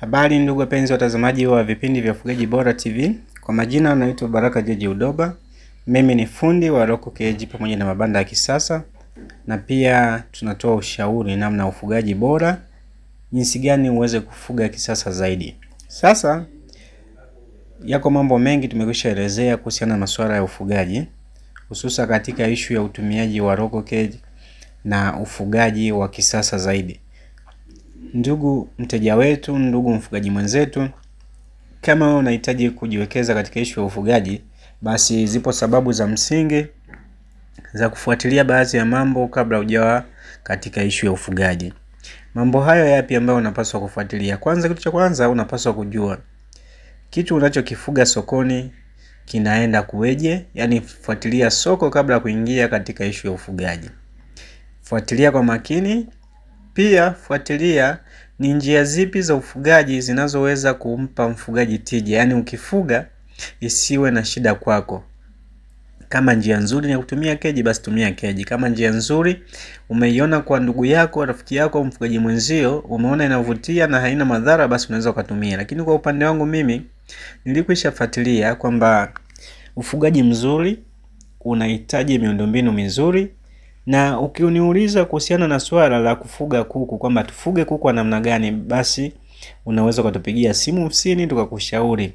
Habari ndugu wapenzi watazamaji wa vipindi vya ufugaji bora TV. Kwa majina naitwa Baraka Jeje Udoba. Mimi ni fundi wa Roko Cage pamoja na mabanda ya kisasa, na pia tunatoa ushauri namna ya ufugaji bora, jinsi gani uweze kufuga kisasa zaidi. Sasa yako mambo mengi tumekwishaelezea elezea kuhusiana na masuala ya ufugaji, hususa katika ishu ya utumiaji wa Roko Cage na ufugaji wa kisasa zaidi. Ndugu mteja wetu, ndugu mfugaji mwenzetu, kama wewe unahitaji kujiwekeza katika ishu ya ufugaji, basi zipo sababu za msingi za kufuatilia baadhi ya mambo kabla hujawa katika ishu ya ufugaji. Mambo hayo yapi ambayo unapaswa kufuatilia? Kwanza, kitu cha kwanza unapaswa kujua kitu unachokifuga sokoni kinaenda kuweje, yaani fuatilia soko kabla ya kuingia katika ishu ya ufugaji. Fuatilia kwa makini pia fuatilia ni njia zipi za ufugaji zinazoweza kumpa mfugaji tija, yaani ukifuga isiwe na shida kwako. Kama njia nzuri ya kutumia keji, basi tumia keji. Kama njia nzuri umeiona kwa ndugu yako, rafiki yako, mfugaji mwenzio, umeona inavutia na haina madhara, basi unaweza ukatumia. Lakini kwa upande wangu mimi nilikwisha fuatilia kwamba ufugaji mzuri unahitaji miundombinu mizuri na ukiniuliza kuhusiana na swala la kufuga kuku kwamba tufuge kuku wa namna gani, basi unaweza ukatupigia simu ofisini tukakushauri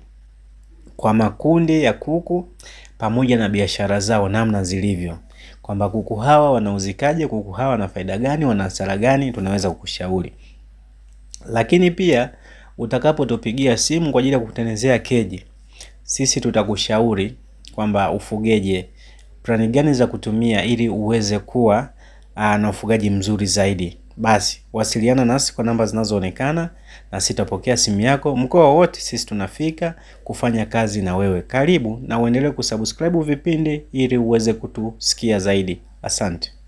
kwa makundi ya kuku pamoja na biashara zao namna zilivyo, kwamba kuku hawa wanauzikaje, kuku hawa wana faida gani, wana hasara gani, tunaweza kukushauri. Lakini pia utakapotupigia simu kwa ajili ya kukutengenezea keji, sisi tutakushauri kwamba ufugeje Plani gani za kutumia ili uweze kuwa aa, ah, na ufugaji mzuri zaidi? Basi wasiliana nasi kwa namba zinazoonekana na sitapokea simu yako. Mkoa wote sisi tunafika kufanya kazi na wewe. Karibu na uendelee kusubscribe vipindi ili uweze kutusikia zaidi. Asante.